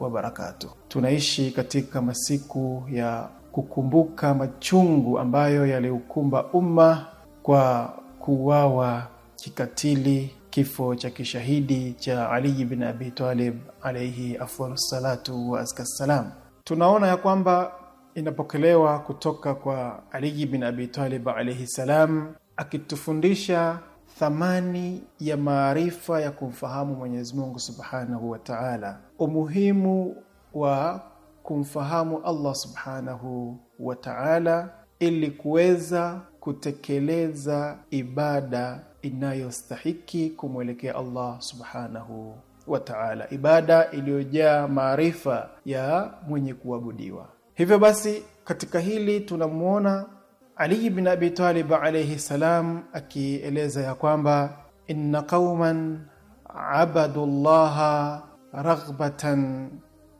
wabarakatuh. Tunaishi katika masiku ya kukumbuka machungu ambayo yaliukumba umma kwa kuuawa kikatili kifo cha kishahidi cha Ali bin Abi Talib alayhi afdalus salatu wa azka salam. Tunaona ya kwamba inapokelewa kutoka kwa Ali bin Abi Talib alayhi salam akitufundisha thamani ya maarifa ya kumfahamu Mwenyezi Mungu Subhanahu wa Ta'ala, umuhimu wa kumfahamu Allah Subhanahu wa Ta'ala ili kuweza kutekeleza ibada inayostahiki kumwelekea Allah subhanahu wa ta'ala, ibada iliyojaa maarifa ya mwenye kuabudiwa. Hivyo basi katika hili tunamwona Ali ibn Abi Talib alayhi salam akieleza ya kwamba inna qauman abadu llaha raghbatan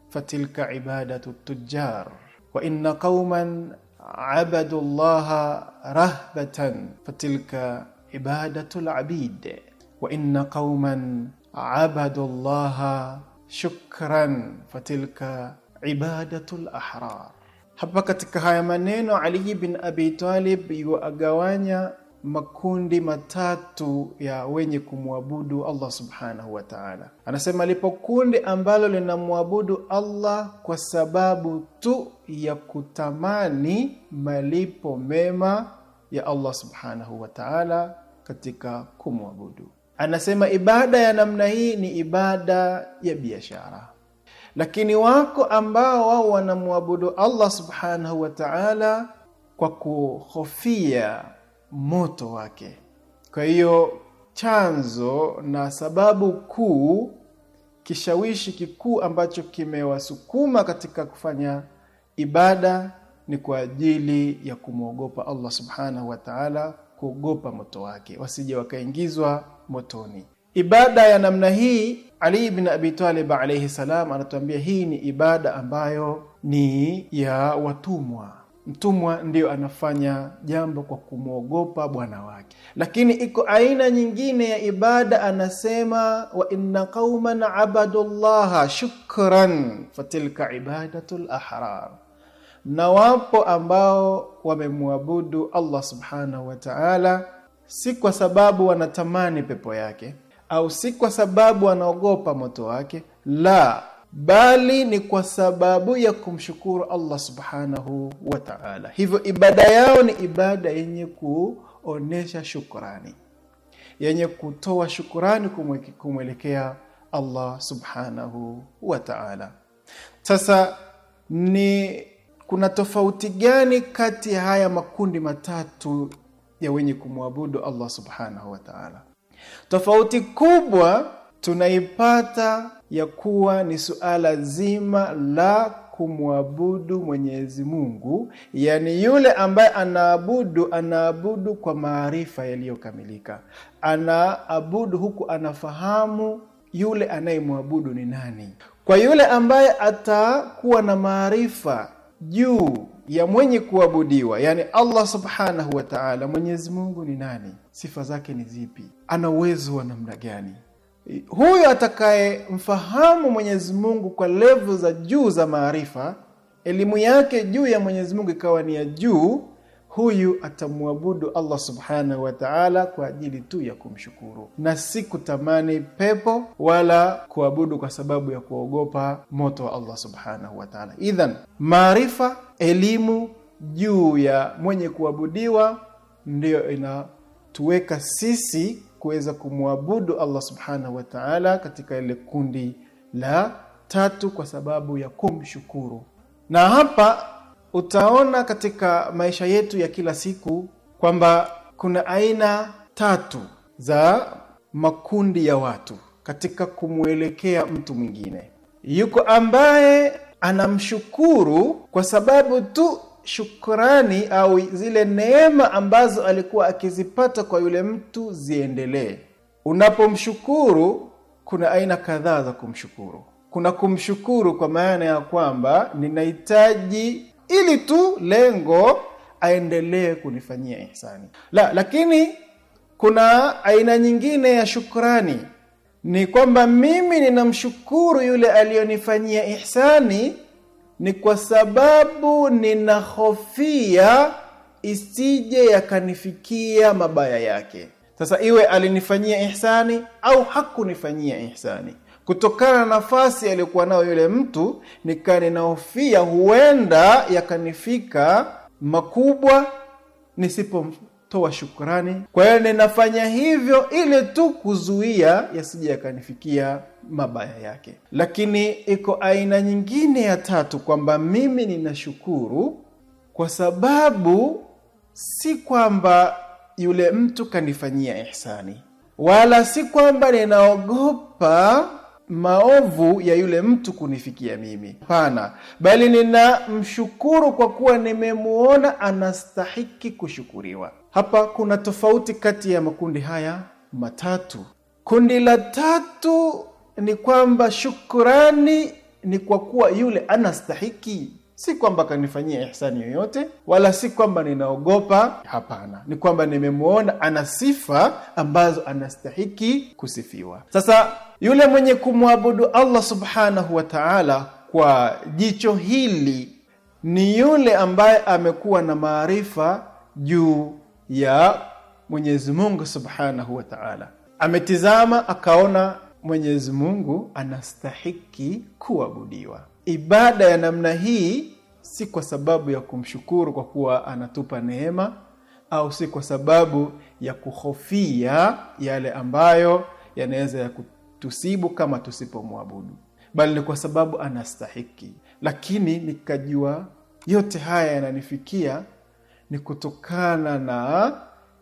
fatilka ibadatu tujjar wa inna qauman abadu llaha rahbatan fatilka ibadatu labid wa inna qauman abadu llaha shukran fatilka ibadatu lahrar. Hapa katika haya maneno Ali bin Abi Talib yuagawanya makundi matatu ya wenye kumwabudu Allah subhanahu wa ta'ala. Anasema lipo kundi ambalo linamwabudu Allah kwa sababu tu ya kutamani malipo mema ya Allah subhanahu wa ta'ala katika kumwabudu. Anasema ibada ya namna hii ni ibada ya biashara, lakini wako ambao wao wanamwabudu Allah subhanahu wa ta'ala kwa kuhofia moto wake. Kwa hiyo chanzo na sababu kuu, kishawishi kikuu ambacho kimewasukuma katika kufanya ibada ni kwa ajili ya kumwogopa Allah subhanahu wa ta'ala, kuogopa moto wake, wasije wakaingizwa motoni. Ibada ya namna hii, Ali ibn Abi Talib alayhi salam anatuambia hii ni ibada ambayo ni ya watumwa. Mtumwa ndiyo anafanya jambo kwa kumwogopa bwana wake, lakini iko aina nyingine ya ibada. Anasema, wa inna qauman abadu llaha shukran fatilka ibadatu lahrar na wapo ambao wamemwabudu Allah subhanahu wa ta'ala, si kwa sababu wanatamani pepo yake au si kwa sababu wanaogopa moto wake, la, bali ni kwa sababu ya kumshukuru Allah subhanahu wa ta'ala. Hivyo ibada yao ni ibada yenye kuonesha shukrani, yenye kutoa shukrani kumwelekea Allah subhanahu wa ta'ala. Sasa ni kuna tofauti gani kati ya haya makundi matatu ya wenye kumwabudu Allah subhanahu wa ta'ala? Tofauti kubwa tunaipata ya kuwa ni suala zima la kumwabudu Mwenyezi Mungu, yaani yule ambaye anaabudu, anaabudu kwa maarifa yaliyokamilika, anaabudu huku anafahamu yule anayemwabudu ni nani. Kwa yule ambaye atakuwa na maarifa juu ya mwenye kuabudiwa, yani Allah subhanahu wa ta'ala. Mwenyezi Mungu ni nani? Sifa zake ni zipi? Ana uwezo wa namna gani? Huyo atakayemfahamu Mwenyezi Mungu kwa levu za juu za maarifa, elimu yake juu ya Mwenyezi Mungu ikawa ni ya juu huyu atamwabudu Allah subhanahu wa ta'ala kwa ajili tu ya kumshukuru na si kutamani pepo wala kuabudu kwa sababu ya kuogopa moto wa Allah subhanahu wa ta'ala. Idhan, maarifa elimu juu ya mwenye kuabudiwa ndiyo inatuweka sisi kuweza kumwabudu Allah subhanahu wa ta'ala katika ile kundi la tatu kwa sababu ya kumshukuru, na hapa utaona katika maisha yetu ya kila siku kwamba kuna aina tatu za makundi ya watu katika kumwelekea mtu mwingine. Yuko ambaye anamshukuru kwa sababu tu shukrani au zile neema ambazo alikuwa akizipata kwa yule mtu ziendelee. Unapomshukuru, kuna aina kadhaa za kumshukuru. Kuna kumshukuru kwa maana ya kwamba ninahitaji ili tu lengo aendelee kunifanyia ihsani. La, lakini kuna aina nyingine ya shukrani ni kwamba mimi ninamshukuru yule aliyonifanyia ihsani ni kwa sababu ninahofia isije yakanifikia mabaya yake. Sasa iwe alinifanyia ihsani au hakunifanyia ihsani, kutokana na nafasi aliyokuwa nayo yule mtu, nikaa ninahofia huenda yakanifika makubwa nisipotoa shukrani. Kwa hiyo ninafanya hivyo ili tu kuzuia yasija yakanifikia mabaya yake. Lakini iko aina nyingine ya tatu, kwamba mimi ninashukuru kwa sababu si kwamba yule mtu kanifanyia ihsani, wala si kwamba ninaogopa maovu ya yule mtu kunifikia mimi. Hapana, bali ninamshukuru kwa kuwa nimemwona anastahiki kushukuriwa. Hapa kuna tofauti kati ya makundi haya matatu. Kundi la tatu ni kwamba shukurani ni kwa kuwa yule anastahiki, si kwamba kanifanyia ihsani yoyote, wala si kwamba ninaogopa. Hapana, ni kwamba nimemwona ana sifa ambazo anastahiki kusifiwa. Sasa yule mwenye kumwabudu Allah subhanahu wa ta'ala kwa jicho hili ni yule ambaye amekuwa na maarifa juu ya Mwenyezi Mungu subhanahu wa ta'ala, ametizama akaona Mwenyezi Mungu anastahiki kuabudiwa. Ibada ya namna hii si kwa sababu ya kumshukuru kwa kuwa anatupa neema, au si kwa sababu ya kuhofia yale ambayo yanaweza ya tusibu kama tusipomwabudu, bali ni kwa sababu anastahiki. Lakini nikajua yote haya yananifikia ni kutokana na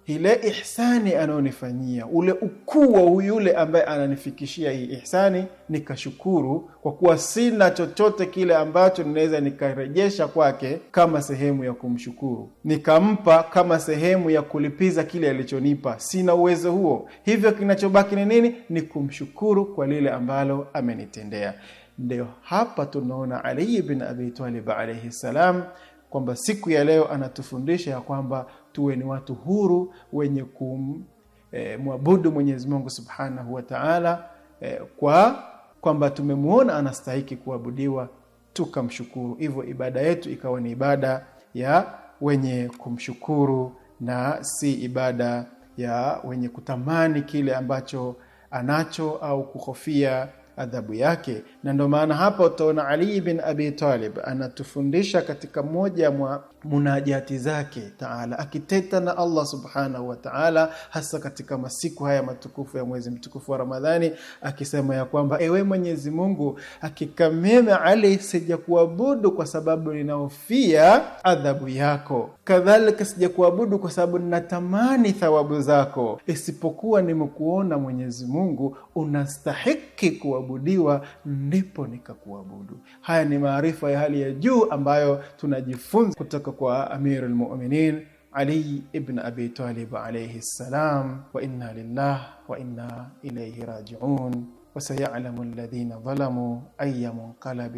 ile ihsani anayonifanyia, ule ukuu wa yule ambaye ananifikishia hii ihsani, nikashukuru kwa kuwa sina chochote kile ambacho ninaweza nikarejesha kwake kama sehemu ya kumshukuru, nikampa kama sehemu ya kulipiza kile alichonipa. Sina uwezo huo, hivyo kinachobaki ni nini? Ni kumshukuru kwa lile ambalo amenitendea. Ndio hapa tunaona Ali bin abitalib alaihi salam kwamba siku ya leo anatufundisha ya kwamba tuwe ni watu huru wenye kumwabudu eh, e, Mwenyezi Mungu Subhanahu wa Ta'ala e, kwa kwamba tumemwona anastahiki kuabudiwa tukamshukuru. Hivyo ibada yetu ikawa ni ibada ya wenye kumshukuru na si ibada ya wenye kutamani kile ambacho anacho au kuhofia adhabu yake. Na ndio maana hapa utaona Ali bin Abi Talib anatufundisha katika moja mwa munajati zake taala, akiteta na Allah subhanahu wa taala, hasa katika masiku haya matukufu ya mwezi mtukufu wa Ramadhani, akisema ya kwamba ewe Mwenyezi Mungu, hakika mimi Ali sijakuabudu kwa sababu ninaofia adhabu yako, kadhalika sijakuabudu kwa sababu ninatamani thawabu zako, isipokuwa nimekuona Mwenyezi Mungu unastahiki kuwa kuabudiwa ndipo nikakuabudu. Haya ni maarifa ya hali ya juu ambayo tunajifunza kutoka kwa Amir lmuminin Ali ibn Abi Talib alayhi salam, wa inna lillah wa inna ilayhi rajiun وسيعلم الذين ظلموا أي منقلب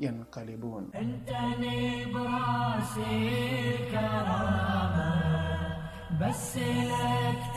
ينقلبون انتني براسي الكرامة بس لك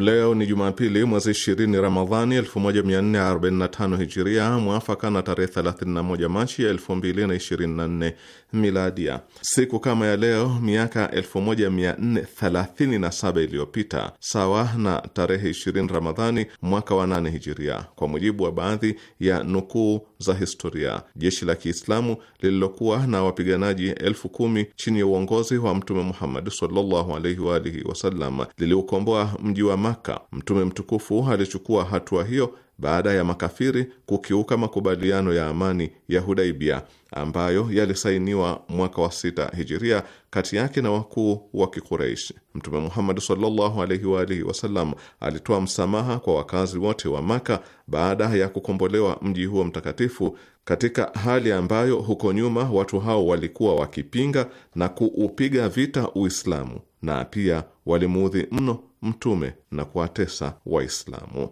Leo ni Jumapili, mwezi 20 Ramadhani 1445 Hijiria, mwafaka na tarehe 31 Machi ya 2024 Miladia. Siku kama ya leo miaka 1437 iliyopita, sawa na tarehe 20 Ramadhani mwaka wa 8 Hijiria, kwa mujibu wa baadhi ya nukuu za historia. Jeshi la Kiislamu lililokuwa na wapiganaji elfu kumi chini ya uongozi wa Mtume Muhammad sallallahu alaihi wa alihi wasallam liliukomboa mji wa Maka. Mtume mtukufu alichukua hatua hiyo baada ya makafiri kukiuka makubaliano ya amani ya Hudaibia ambayo yalisainiwa mwaka wa sita hijiria kati yake na wakuu wa Kikureishi. Mtume Muhammad sallallahu alaihi wa alihi wasallam alitoa msamaha kwa wakazi wote wa Maka baada ya kukombolewa mji huo mtakatifu, katika hali ambayo huko nyuma watu hao walikuwa wakipinga na kuupiga vita Uislamu, na pia walimuudhi mno Mtume na kuwatesa Waislamu.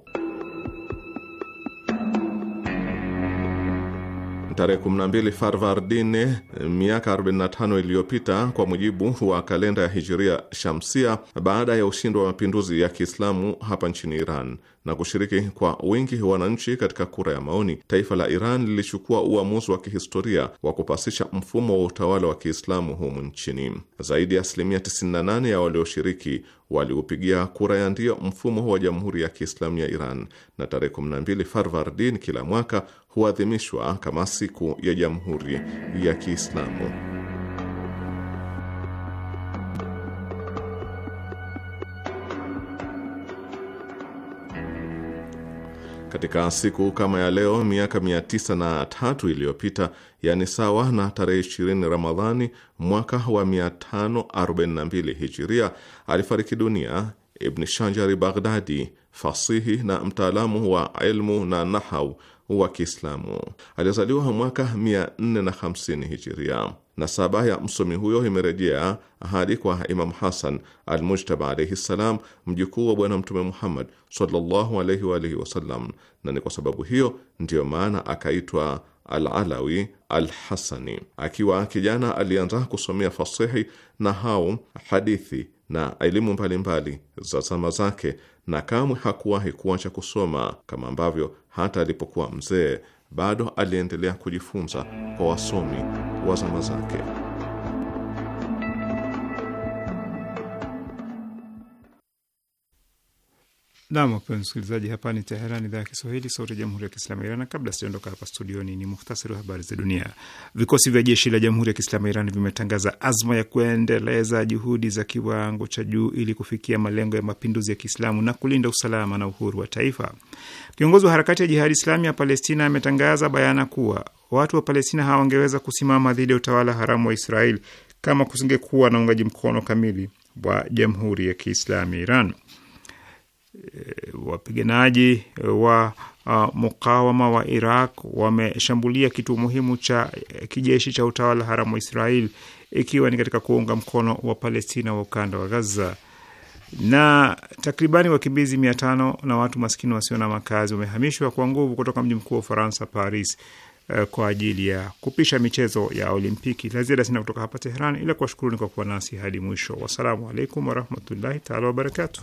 tarehe 12 Farvardin miaka 45 iliyopita kwa mujibu wa kalenda ya Hijiria Shamsia, baada ya ushindi wa mapinduzi ya Kiislamu hapa nchini Iran, na kushiriki kwa wingi wananchi katika kura ya maoni, taifa la Iran lilichukua uamuzi wa kihistoria wa kupasisha mfumo wa utawala wa Kiislamu humu nchini. Zaidi ya asilimia 98 ya walioshiriki waliupigia kura ya ndio mfumo wa Jamhuri ya Kiislamu ya Iran, na tarehe 12 Farvardin kila mwaka huadhimishwa kama siku ya Jamhuri ya Kiislamu. Katika siku kama ya leo miaka mia tisa na tatu iliyopita, yani sawa na tarehe 20 Ramadhani mwaka wa 542 Hijiria, alifariki dunia Ibn Shanjari Baghdadi, fasihi na mtaalamu wa ilmu na nahau wa Kiislamu. Alizaliwa mwaka 450 Hijiria. Nasaba ya msomi huyo imerejea hadi kwa Imamu Hasan Almujtaba alaihi ssalam, mjukuu wa Bwana Mtume Muhammad sallallahu alaihi wa alihi wasallam, na ni kwa sababu hiyo ndiyo maana akaitwa Alalawi Alhasani. Akiwa kijana alianza kusomea fasihi na hau hadithi na elimu mbalimbali za zama zake, na kamwe hakuwahi kuacha kusoma kama ambavyo hata alipokuwa mzee bado aliendelea kujifunza kwa wasomi wa zama zake. Nam, wapenzi msikilizaji, hapa ni Teheran, idhaa ya Kiswahili, sauti ya jamhuri ya kiislamu ya Iran. Na kabla sijaondoka hapa studioni, ni muhtasari wa habari za dunia. Vikosi vya jeshi la jamhuri ya kiislamu ya Iran vimetangaza azma ya kuendeleza juhudi za kiwango cha juu ili kufikia malengo ya mapinduzi ya kiislamu na kulinda usalama na uhuru wa taifa. Kiongozi wa harakati ya Jihadi Islami ya Palestina ametangaza bayana kuwa watu wa Palestina hawangeweza kusimama dhidi ya utawala haramu wa Israeli kama kusingekuwa na uungaji mkono kamili wa jamhuri ya kiislamu ya Iran. Eh, wapiganaji eh, wa uh, mukawama wa Iraq wameshambulia kituo muhimu cha eh, kijeshi cha utawala haramu wa Israel ikiwa ni katika kuunga mkono wa Palestina wa ukanda wa Gaza. Na takribani wakimbizi mia tano na watu maskini wasio na makazi wamehamishwa kwa nguvu kutoka mji mkuu wa Ufaransa, Paris, uh, kwa ajili ya kupisha michezo ya Olimpiki. La ziada sina kutoka hapa Teheran, ila kuwashukuruni kwa kuwa nasi hadi mwisho. Wassalamu alaikum warahmatullahi taala wabarakatuh.